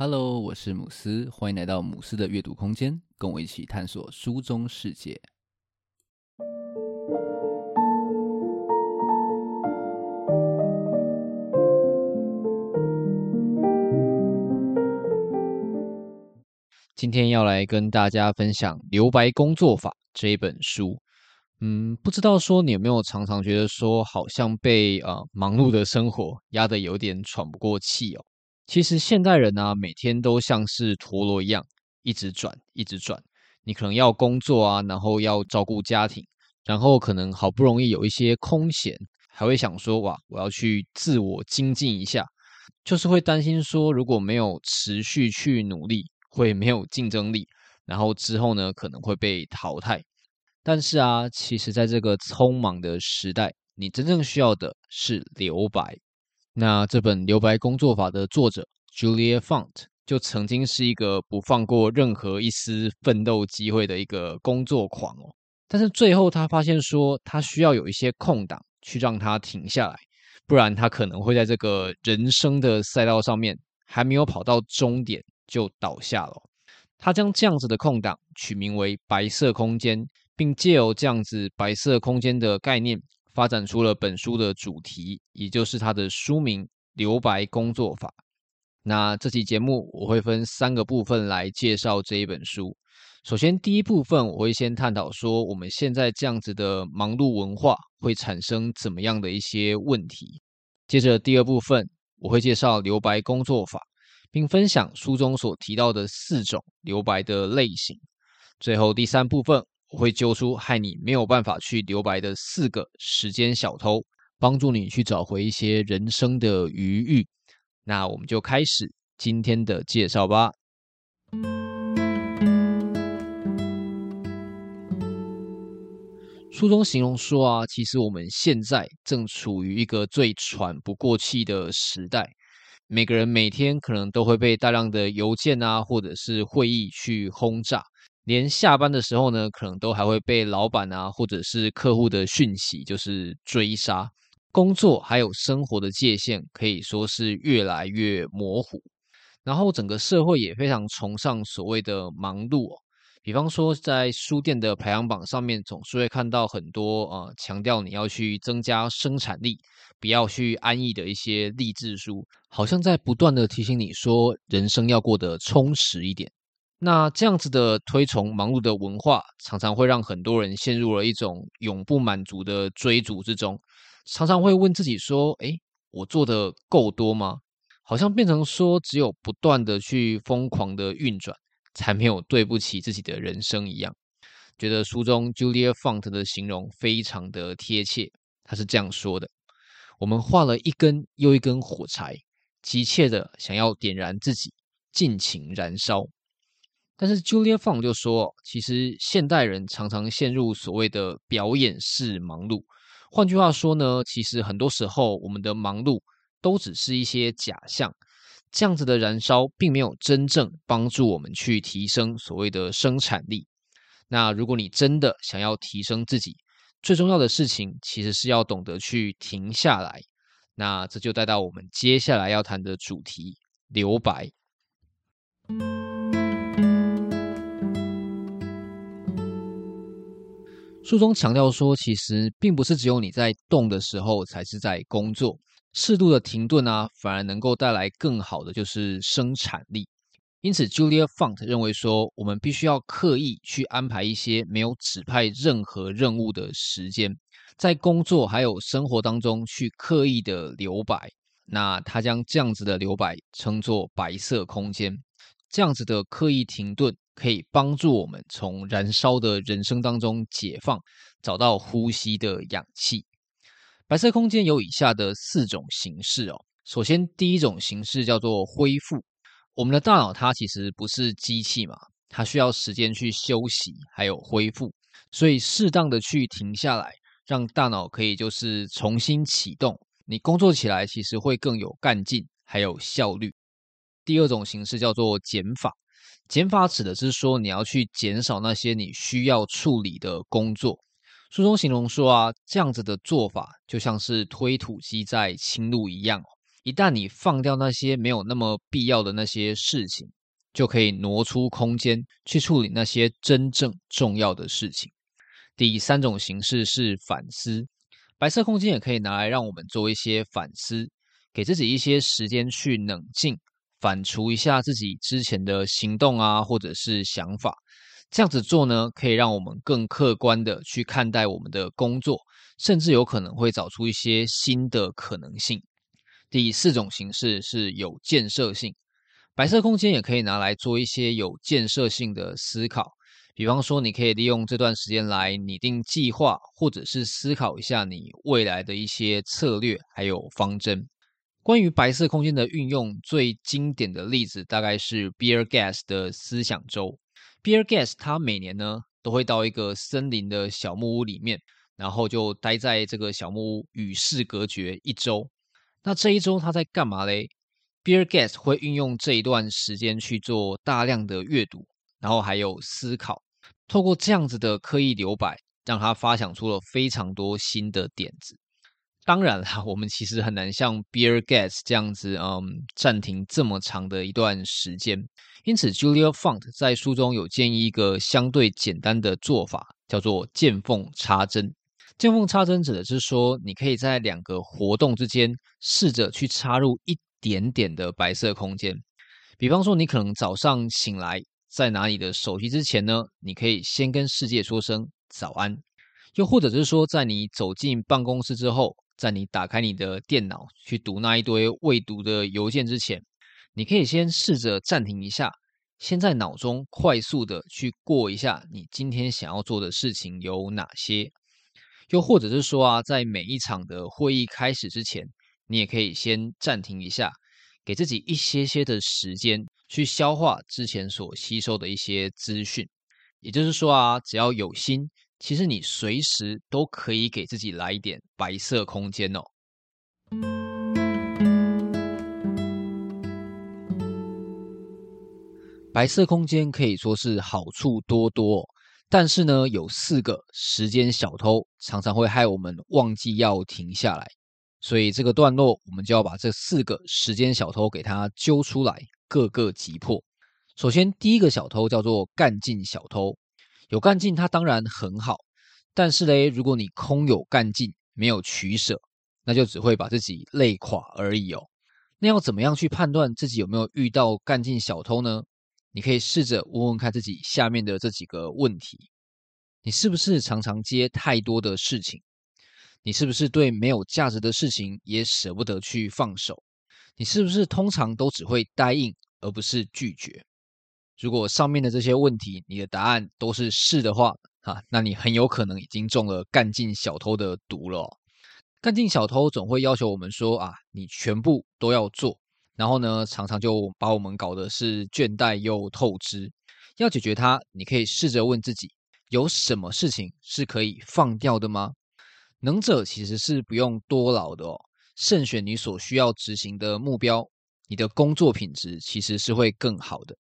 Hello，我是姆斯，歡迎來到姆斯的閱讀空間，跟我一起探索書中世界。今天要來跟大家分享《留白工作法》這一本書。嗯，不知道說你有沒有常常覺得說，好像被啊、呃、忙碌的生活壓得有點喘不過氣哦。其實現代人呢、啊，每天都像是陀螺一樣，一直轉，一直轉。你可能要工作啊，然後要照顧家庭，然後可能好不容易有一些空閒，還會想說，哇，我要去自我精進一下。就是會擔心說，如果沒有持續去努力，會沒有競爭力，然後之後呢，可能會被淘汰。但是啊，其實在這個匆忙的時代，你真正需要的是留白。那這本《留白工作法》的作者 Juliet Funt 就曾經是一個不放過任何一絲奮鬥機會的一個工作狂哦，但是最後他發現說，他需要有一些空檔去讓他停下來，不然他可能會在這個人生的賽道上面還沒有跑到終點就倒下了哦。他將這樣子的空檔取名為“白色空間”，並借由這樣子“白色空間”的概念。發展出了本書的主題，也就是它的書名《留白工作法》。那這期節目我會分三個部分來介紹這一本書。首先，第一部分我會先探討說我們現在這樣子的忙碌文化會產生怎麼樣的一些問題。接着，第二部分我會介紹留白工作法，並分享書中所提到的四種留白的類型。最後，第三部分。我會揪出害你沒有辦法去留白的四個時間小偷，幫助你去找回一些人生的餘裕。那我們就開始今天的介紹吧。書中形容說啊，其實我們現在正處於一個最喘不過氣的時代，每個人每天可能都會被大量的郵件啊，或者是會議去轟炸。連下班的時候呢，可能都還會被老闆啊，或者是客戶的訊息就是追殺，工作還有生活的界限可以說是越來越模糊。然後整個社會也非常崇尚所謂的忙碌，哦，比方說在書店的排行榜上面，總是會看到很多啊、呃、強調你要去增加生產力，不要去安逸的一些勵志書，好像在不斷的提醒你說，人生要過得充實一點。那這樣子的推崇忙碌的文化，常常會讓很多人陷入了一種永不滿足的追逐之中。常常會問自己說：“哎、欸，我做的夠多嗎？”好像變成說，只有不斷的去瘋狂的運轉，才沒有對不起自己的人生一樣。覺得書中 Juliet Funt 的形容非常的貼切。他是這樣說的：“我們劃了一根又一根火柴，急切的想要點燃自己，盡情燃燒。”但是 Juliet Funt 就說，其實現代人常常陷入所謂的表演式忙碌。換句話說呢，其實很多時候我們的忙碌都只是一些假象，這樣子的燃燒並沒有真正幫助我們去提升所謂的生產力。那如果你真的想要提升自己，最重要的事情其實是要懂得去停下來。那這就帶到我們接下來要談的主題——留白。書中強調說，其實並不是只有你在動的時候才是在工作，適度的停頓啊，反而能夠帶來更好的就是生產力。因此，Juliet Funt 認為說，我們必須要刻意去安排一些沒有指派任何任務的時間，在工作還有生活當中去刻意的留白。那他將這樣子的留白稱作白色空間，這樣子的刻意停頓。可以幫助我們從燃燒的人生當中解放，找到呼吸的氧氣。白色空間有以下的四種形式哦。首先，第一種形式叫做恢復。我們的大腦它其實不是機器嘛，它需要時間去休息還有恢復，所以適當的去停下來，讓大腦可以就是重新啟動。你工作起來其實會更有幹勁，還有效率。第二種形式叫做減法，減法指的是說你要去減少那些你需要處理的工作。書中形容說啊，這樣子的做法就像是推土機在清路一樣哦。一旦你放掉那些沒有那麼必要的那些事情，就可以挪出空間去處理那些真正重要的事情。第三種形式是反思，白色空間也可以拿來讓我們做一些反思，給自己一些時間去冷靜。反芻一下自己之前的行動啊，或者是想法，這樣子做呢，可以讓我們更客觀的去看待我們的工作，甚至有可能會找出一些新的可能性。第四種形式是有建設性，白色空間也可以拿來做一些有建設性的思考，比方說，你可以利用這段時間來擬定計劃，或者是思考一下你未來的一些策略還有方針。關於白色空間的運用，最經典的例子大概是比爾蓋茲的思想周。比爾蓋茲他每年呢都會到一個森林的小木屋裡面，然後就待在這個小木屋與世隔絕一周。那這一周他在幹嘛嘞？比爾蓋茲會運用這一段時間去做大量的閱讀，然後還有思考，透過這樣子的刻意留白，讓他發想出了非常多新的點子。當然啦，我們其實很難像比爾蓋茲這樣子，嗯，暫停這麼長的一段時間。因此，Juliet Funt 在書中有建議一個相對簡單的做法，叫做“見縫插針”。見縫插針指的是說，你可以在兩個活動之間試着去插入一點點的白色空間。比方說，你可能早上醒來，在拿你的手機之前呢，你可以先跟世界說聲早安。又或者是說，在你走進辦公室之後。在你打開你的電腦去讀那一堆未讀的郵件之前，你可以先試着暫停一下，先在腦中快速的去過一下你今天想要做的事情有哪些。又或者是說啊，在每一場的會議開始之前，你也可以先暫停一下，給自己一些些的時間去消化之前所吸收的一些資訊。也就是說啊，只要有心，其實你隨時都可以給自己來一點白色空間哦。白色空間可以說是好處多多哦，但是呢，有四個時間小偷常常會害我們忘記要停下來，所以這個段落我們就要把這四個時間小偷給它揪出來，個個擊破。首先，第一個小偷叫做幹勁小偷。有幹勁，它當然很好，但是嘞，如果你空有幹勁，沒有取捨，那就只會把自己累垮而已哦。那要怎麼樣去判斷自己有沒有遇到幹勁小偷呢？你可以試着問問看自己下面的這幾個問題：你是不是常常接太多的事情？你是不是對沒有價值的事情也捨不得去放手？你是不是通常都只會答應，而不是拒絕？如果上面的這些問題你的答案都是是的話，啊，那你很有可能已經中了乾勁小偷的毒了哦。乾勁小偷總會要求我們說啊，你全部都要做，然後呢，常常就把我們搞的是倦怠又透支。要解決它，你可以試着問自己，有什麼事情是可以放掉的嗎？能者其實是不用多勞的哦。慎選你所需要執行的目標，你的工作品質其實是會更好的。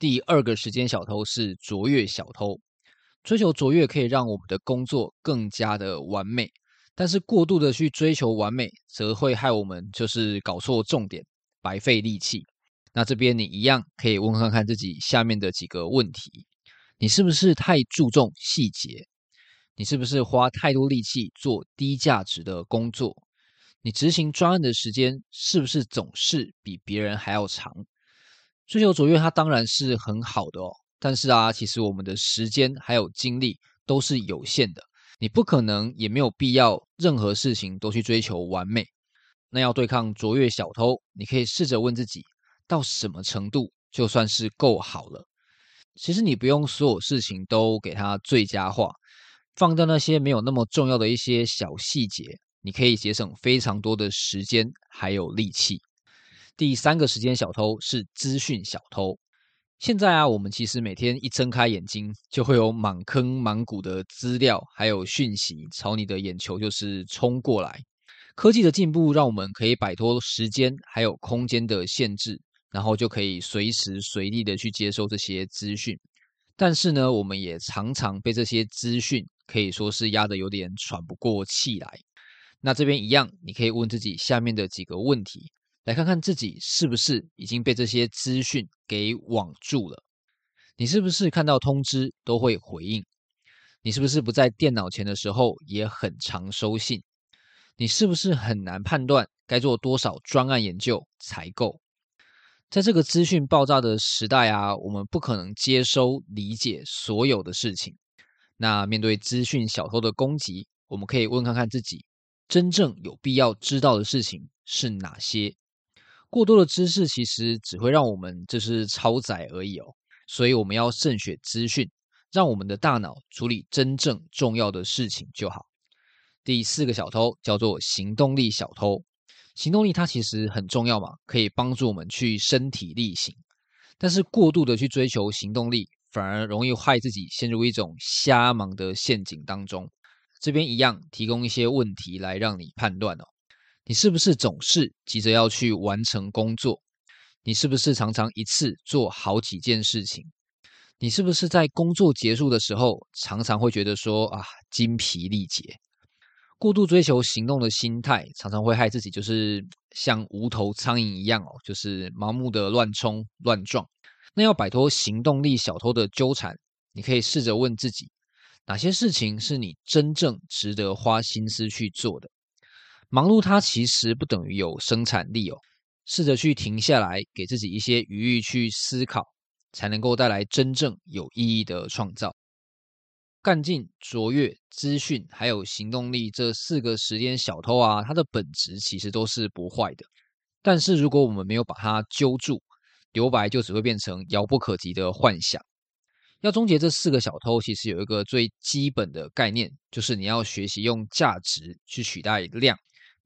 第二個時間小偷是卓越小偷，追求卓越可以讓我們的工作更加的完美，但是過度的去追求完美，則會害我們就是搞錯重點，白費力氣。那這邊你一樣可以問看看自己下面的幾個問題：你是不是太注重細節？你是不是花太多力氣做低價值的工作？你執行專案的時間是不是總是比別人還要長？追求卓越，它當然是很好的哦。但是啊，其實我們的時間還有精力都是有限的，你不可能也沒有必要任何事情，都去追求完美。那要對抗卓越小偷，你可以試着問自己，到什麼程度就算是夠好了？其實你不用所有事情都給它最佳化，放掉那些沒有那麼重要的一些小細節，你可以節省非常多的時間還有力氣。第三個時間小偷是資訊小偷。現在啊，我們其實每天一睜開眼睛，就會有滿坑滿谷的資料，還有訊息朝你的眼球就是衝過來。科技的進步讓我們可以擺脫時間還有空間的限制，然後就可以隨時隨地的去接收這些資訊。但是呢，我們也常常被這些資訊可以說是壓得有點喘不過氣來。那這邊一樣，你可以問自己下面的幾個問題。來看看自己是不是已經被這些資訊給網住了？你是不是看到通知都會回應？你是不是不在電腦前的時候也很常收信？你是不是很難判斷該做多少專案研究才夠？在這個資訊爆炸的時代啊，我們不可能接收理解所有的事情。那面對資訊小偷的攻擊，我們可以問看看自己，真正有必要知道的事情是哪些？過多的知識其實只會讓我們就是超載而已哦，所以我們要慎選資訊，讓我們的大腦處理真正重要的事情就好。第四個小偷叫做行動力小偷，行動力它其實很重要嘛，可以幫助我們去身體力行，但是過度的去追求行動力，反而容易害自己陷入一種瞎忙的陷阱當中。這邊一樣提供一些問題來讓你判斷哦。你是不是總是急着要去完成工作？你是不是常常一次做好幾件事情？你是不是在工作結束的時候常常會覺得說啊精疲力竭？過度追求行動的心態常常會害自己，就是像無頭蒼蠅一樣哦，就是盲目的亂衝亂撞。那要擺脫行動力小偷的糾纏，你可以試着問自己，哪些事情是你真正值得花心思去做的？忙碌，它其實不等於有生產力哦。試着去停下來，給自己一些餘裕去思考，才能夠帶來真正有意義的創造。幹勁、卓越、資訊還有行動力這四個時間小偷啊，它的本質其實都是不壞的。但是如果我們沒有把它揪住，留白就只會變成遙不可及的幻想。要終結這四個小偷，其實有一個最基本的概念，就是你要學習用價值去取代量。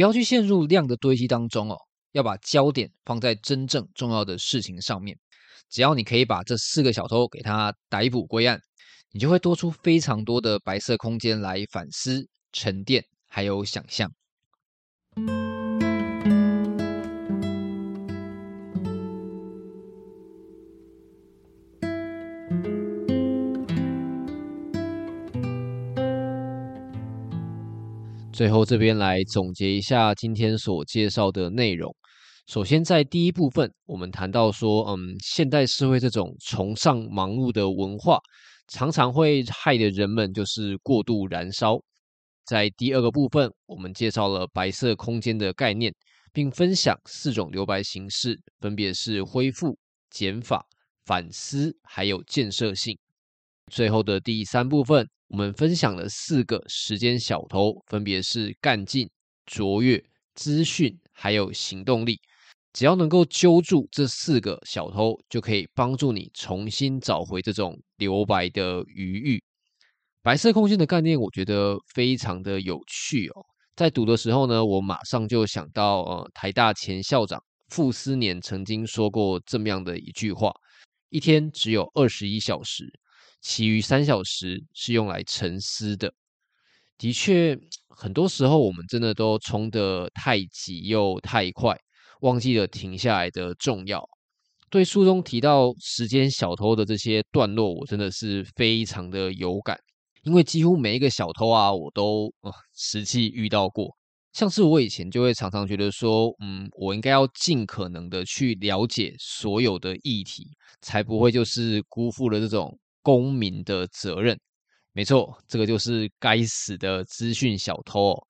不要去陷入量的堆積當中哦，要把焦點放在真正重要的事情上面。只要你可以把這四個小偷給他逮捕歸案，你就會多出非常多的白色空間來反思、沉澱，還有想象。最後，這邊來總結一下今天所介紹的內容。首先，在第一部分，我們談到說，嗯，現代社會這種崇尚忙碌的文化，常常會害得人們就是過度燃燒。在第二個部分，我們介紹了白色空間的概念，並分享四種留白形式，分別是恢復、減法、反思，還有建設性。最後的第三部分，我們分享了四個時間小偷，分別是幹勁、卓越、資訊，還有行動力。只要能夠揪住這四個小偷，就可以幫助你重新找回這種留白的餘裕。白色空間的概念，我覺得非常的有趣哦。在讀的時候呢，我馬上就想到，呃，台大前校長傅斯年曾經說過這麼樣的一句話：一天只有二十一小時。其餘三小時是用來沉思的。的確，很多時候我們真的都衝得太急又太快，忘記了停下來的重要。對書中提到時間小偷的這些段落，我真的是非常的有感，因為幾乎每一個小偷啊，我都，呃，實際遇到過。像是我以前就會常常覺得說，嗯，我應該要盡可能的去了解所有的議題，才不會就是辜負了這種。公民的責任，沒錯，這個就是該死的資訊小偷哦。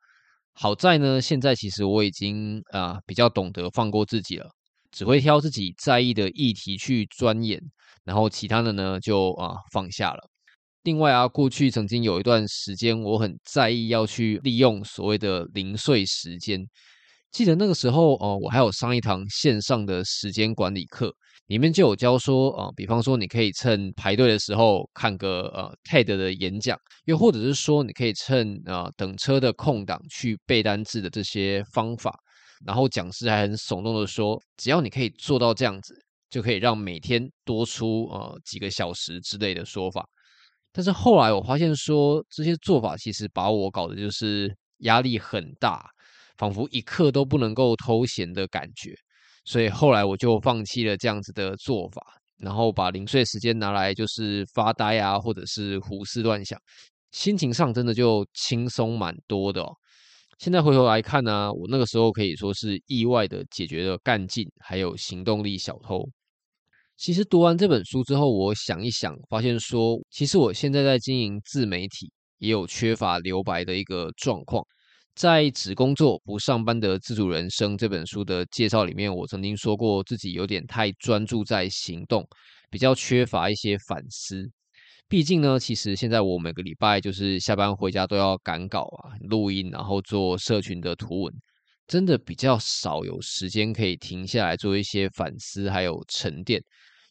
好在呢，現在其實我已經，啊，呃，比較懂得放過自己了，只會挑自己在意的議題去鑽研，然後其他的呢，就，啊，呃，放下了。另外啊，過去曾經有一段時間，我很在意要去利用所謂的零碎時間。記得那個時候哦、呃，我還有上一堂線上的時間管理課，裡面就有教說啊、呃，比方說你可以趁排隊的時候看個呃 TED 的演講，又或者是說你可以趁啊、呃、等車的空檔去背單詞的這些方法。然後講師還很聳動地說，只要你可以做到這樣子，就可以讓每天多出呃幾個小時之類的說法。但是後來我發現說，這些做法其實把我搞得就是壓力很大。仿彿一刻都不能夠偷閒的感覺，所以後來我就放棄了這樣子的做法，然後把零碎時間拿來就是發呆啊，或者是胡思亂想，心情上真的就輕鬆蠻多的喔。現在回頭來看呢，我那個時候可以說是意外的解決了幹勁還有行動力小偷。其實讀完這本書之後，我想一想，發現說，其實我現在在經營自媒體，也有缺乏留白的一個狀況。在《只工作不上班的自主人生》這本書的介紹裡面，我曾經說過自己有點太專注在行動，比較缺乏一些反思。畢竟呢，其實現在我每個禮拜就是下班回家都要趕稿啊、錄音，然後做社群的圖文，真的比較少有時間可以停下來做一些反思，還有沉澱。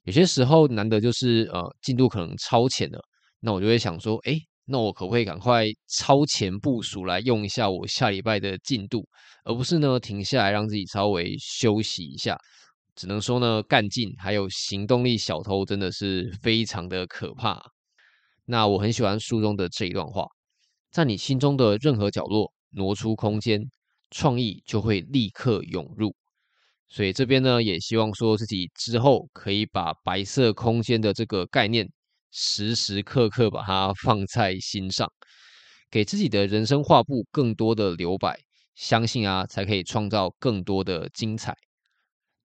有些時候難得就是呃進度可能超前了，那我就會想說，誒。那我可不可以趕快超前部署，來用一下我下禮拜的進度，而不是呢停下來讓自己稍微休息一下？只能說呢幹勁還有行動力小偷真的是非常的可怕。那我很喜歡書中的這一段話，在你心中的任何角落挪出空間，創意就會立刻湧入。所以這邊呢也希望說自己之後可以把白色空間的這個概念，時時刻刻把它放在心上，給自己的人生畫布更多的留白，相信啊，才可以創造更多的精彩。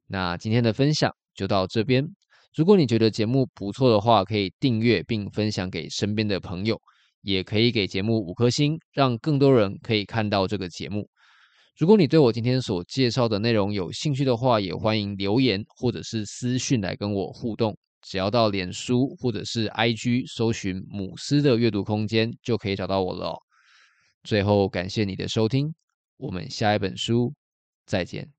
那今天的分享就到這邊。如果你覺得節目不錯的話，可以訂閱並分享給身邊的朋友，也可以給節目五顆星，讓更多人可以看到這個節目。如果你對我今天所介紹的內容有興趣的話，也歡迎留言或者是私訊來跟我互動。只要到臉書或者是 IG 搜尋“姆斯”的閱讀空間，就可以找到我了哦。最後，感謝你的收聽，我們下一本書再見。